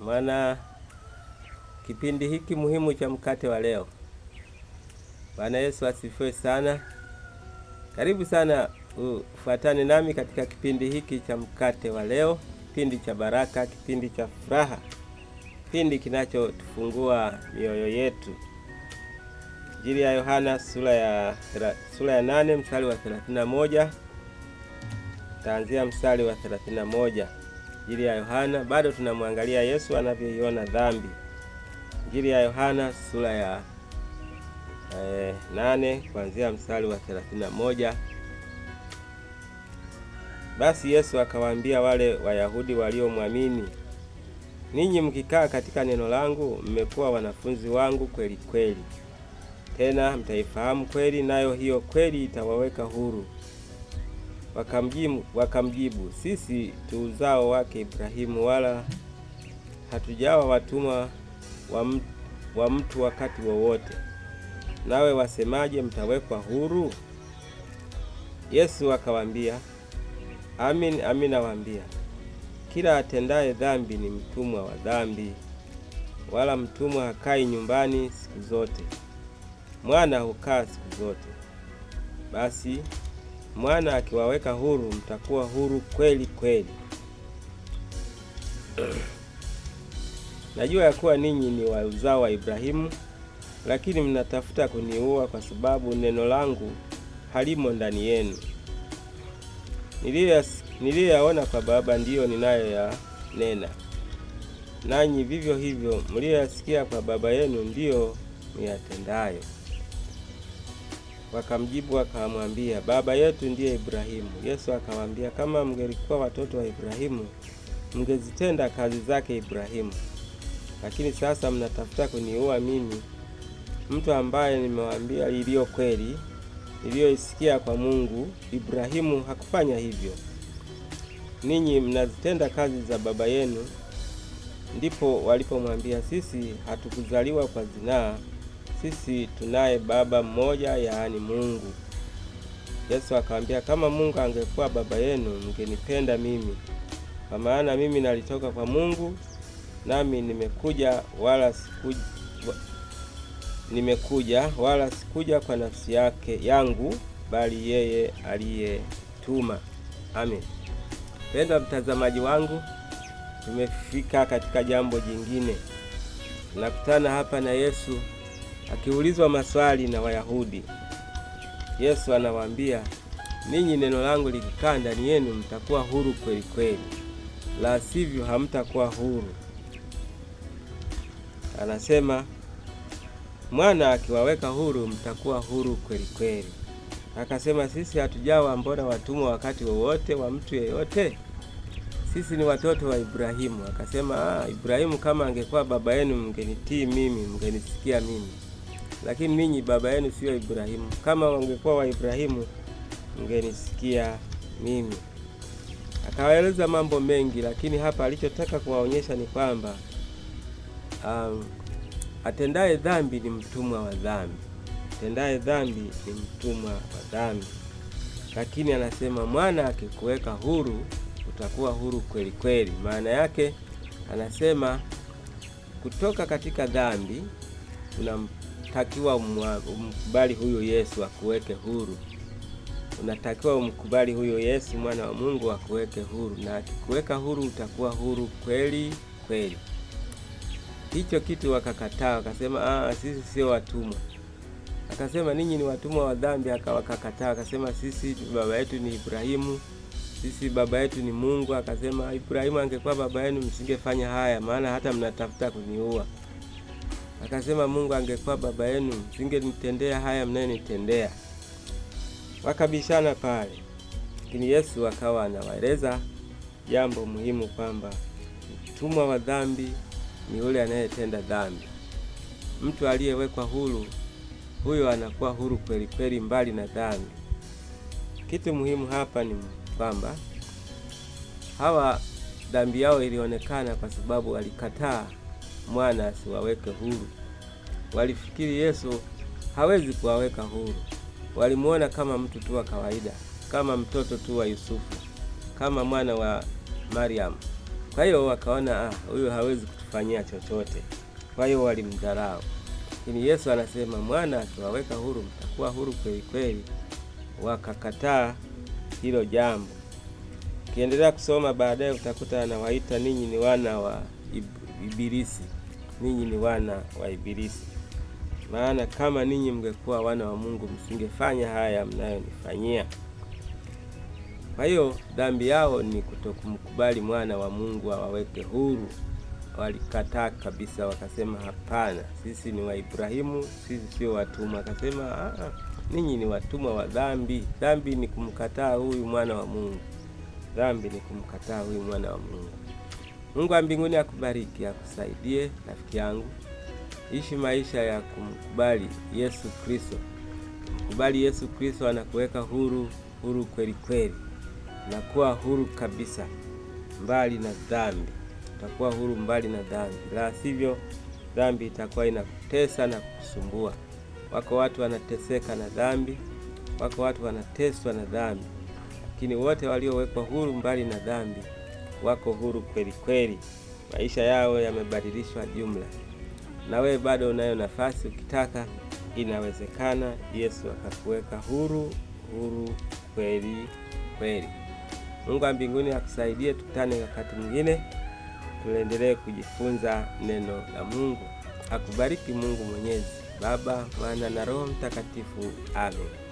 maana kipindi hiki muhimu cha mkate wa leo. Bwana Yesu asifiwe sana. Karibu sana ufuatane uh, nami katika kipindi hiki cha mkate wa leo, kipindi cha baraka, kipindi cha furaha, kipindi kinachotufungua mioyo yetu. Injili ya Yohana sura ya sura ya 8 mstari wa 31 taanzia mstari wa 31. Injili ya Yohana, bado tunamwangalia Yesu anavyoiona dhambi. Injili ya Yohana sura ya eh, nane kuanzia mstari wa 31. Basi Yesu akawaambia wale Wayahudi waliomwamini, ninyi mkikaa katika neno langu mmekuwa wanafunzi wangu kweli kweli, tena mtaifahamu kweli, nayo hiyo kweli itawaweka huru. Wakamjibu, wakamjibu sisi tu uzao wake Ibrahimu, wala hatujawa watumwa wa mtu wakati wowote. Nawe wasemaje, mtawekwa huru? Yesu akawaambia, amin amin nawaambia, kila atendaye dhambi ni mtumwa wa dhambi, wala mtumwa hakai nyumbani siku zote, mwana hukaa siku zote. Basi Mwana akiwaweka huru, mtakuwa huru kweli kweli. Najua ya kuwa ninyi ni wa uzao wa Ibrahimu, lakini mnatafuta kuniua kwa sababu neno langu halimo ndani yenu. Niliyoyaona kwa Baba ndiyo ninayoyanena, nanyi vivyo hivyo mliyoyasikia kwa baba yenu ndiyo niyatendayo. Wakamjibu akamwambia, baba yetu ndiye Ibrahimu. Yesu akamwambia, kama mngelikuwa watoto wa Ibrahimu mngezitenda kazi zake Ibrahimu, lakini sasa mnatafuta kuniua mimi, mtu ambaye nimewaambia iliyo kweli iliyoisikia kwa Mungu. Ibrahimu hakufanya hivyo. Ninyi mnazitenda kazi za baba yenu. Ndipo walipomwambia, sisi hatukuzaliwa kwa zinaa sisi tunaye baba mmoja, yaani Mungu. Yesu akamwambia, kama Mungu angekuwa baba yenu mngenipenda mimi, kwa maana mimi nalitoka kwa Mungu, nami nimekuja wala sikuja, nimekuja wala sikuja kwa nafsi yake yangu, bali yeye aliyetuma. Amen. Pendwa mtazamaji wangu, tumefika katika jambo jingine, nakutana hapa na Yesu Akiulizwa maswali na Wayahudi, Yesu anawaambia, ninyi neno langu likikaa ndani yenu mtakuwa huru kweli kweli, la sivyo hamtakuwa huru. Anasema mwana akiwaweka huru mtakuwa huru kweli kweli. Akasema, sisi hatujawa mbona watumwa wakati wowote wa mtu yeyote? Sisi ni watoto wa Ibrahimu. Akasema, ah, Ibrahimu kama angekuwa baba yenu mngenitii mimi, mngenisikia mimi lakini ninyi baba yenu sio Ibrahimu. Kama wangekuwa wa Ibrahimu mngenisikia mimi. Akawaeleza mambo mengi, lakini hapa alichotaka kuwaonyesha ni kwamba um, atendaye dhambi ni mtumwa wa dhambi, atendaye dhambi ni mtumwa wa dhambi. Lakini anasema mwana akikuweka huru utakuwa huru kweli kweli. Maana yake anasema kutoka katika dhambi unam unatakiwa umkubali huyo Yesu akuweke huru. Unatakiwa umkubali huyo Yesu mwana wa Mungu akuweke huru, na akikuweka huru utakuwa huru kweli kweli. Hicho kitu wakakataa, wakasema ah, sisi sio watumwa. Akasema ninyi ni watumwa wa dhambi, akawakakataa. Akasema sisi baba yetu ni Ibrahimu, sisi baba yetu ni Mungu. Akasema Ibrahimu angekuwa baba yenu msingefanya haya, maana hata mnatafuta kuniua. Akasema, Mungu angekuwa baba yenu singenitendea haya mnayenitendea Wakabishana pale, lakini Yesu akawa anawaeleza jambo muhimu kwamba mtumwa wa dhambi ni yule anayetenda dhambi. Mtu aliyewekwa huru, huyo anakuwa huru kweli kweli, mbali na dhambi. Kitu muhimu hapa ni kwamba hawa dhambi yao ilionekana kwa sababu walikataa mwana asiwaweke huru. Walifikiri Yesu hawezi kuwaweka huru, walimuona kama mtu tu wa kawaida, kama mtoto tu wa Yusufu, kama mwana wa Mariamu. Kwa hiyo wakaona, ah, huyu hawezi kutufanyia chochote, kwa hiyo walimdharau. Lakini Yesu anasema mwana akiwaweka huru mtakuwa huru kweli kweli. Wakakataa hilo jambo. Ukiendelea kusoma baadaye utakuta anawaita ninyi ni wana wa Ibilisi ninyi ni wana wa Ibilisi, maana kama ninyi mngekuwa wana wa Mungu msingefanya haya mnayonifanyia. Kwa hiyo dhambi yao ni kutokumkubali mwana wa Mungu awaweke wa huru. Walikataa kabisa, wakasema hapana, sisi ni wa Ibrahimu, sisi sio watumwa. Akasema ninyi ni watumwa wa dhambi. Dhambi ni kumkataa huyu mwana wa Mungu, dhambi ni kumkataa huyu mwana wa Mungu. Mungu wa mbinguni akubariki, akusaidie rafiki yangu, ishi maisha ya kumkubali Yesu Kristo. Kubali Yesu Kristo, anakuweka huru, huru kweli kweli, nakuwa huru kabisa, mbali na dhambi. Utakuwa huru mbali na dhambi, la sivyo dhambi itakuwa inakutesa na kukusumbua. Wako watu wanateseka na dhambi, wako watu wanateswa na dhambi, lakini wote waliowekwa huru mbali na dhambi wako huru kweli kweli, maisha yao yamebadilishwa jumla. Na wewe bado unayo nafasi, ukitaka inawezekana. Yesu akakuweka huru, huru kweli kweli. Mungu wa mbinguni akusaidie. Tukutane wakati mwingine, tuendelee kujifunza neno la Mungu. Akubariki Mungu Mwenyezi, Baba, Mwana na Roho Mtakatifu. Amen.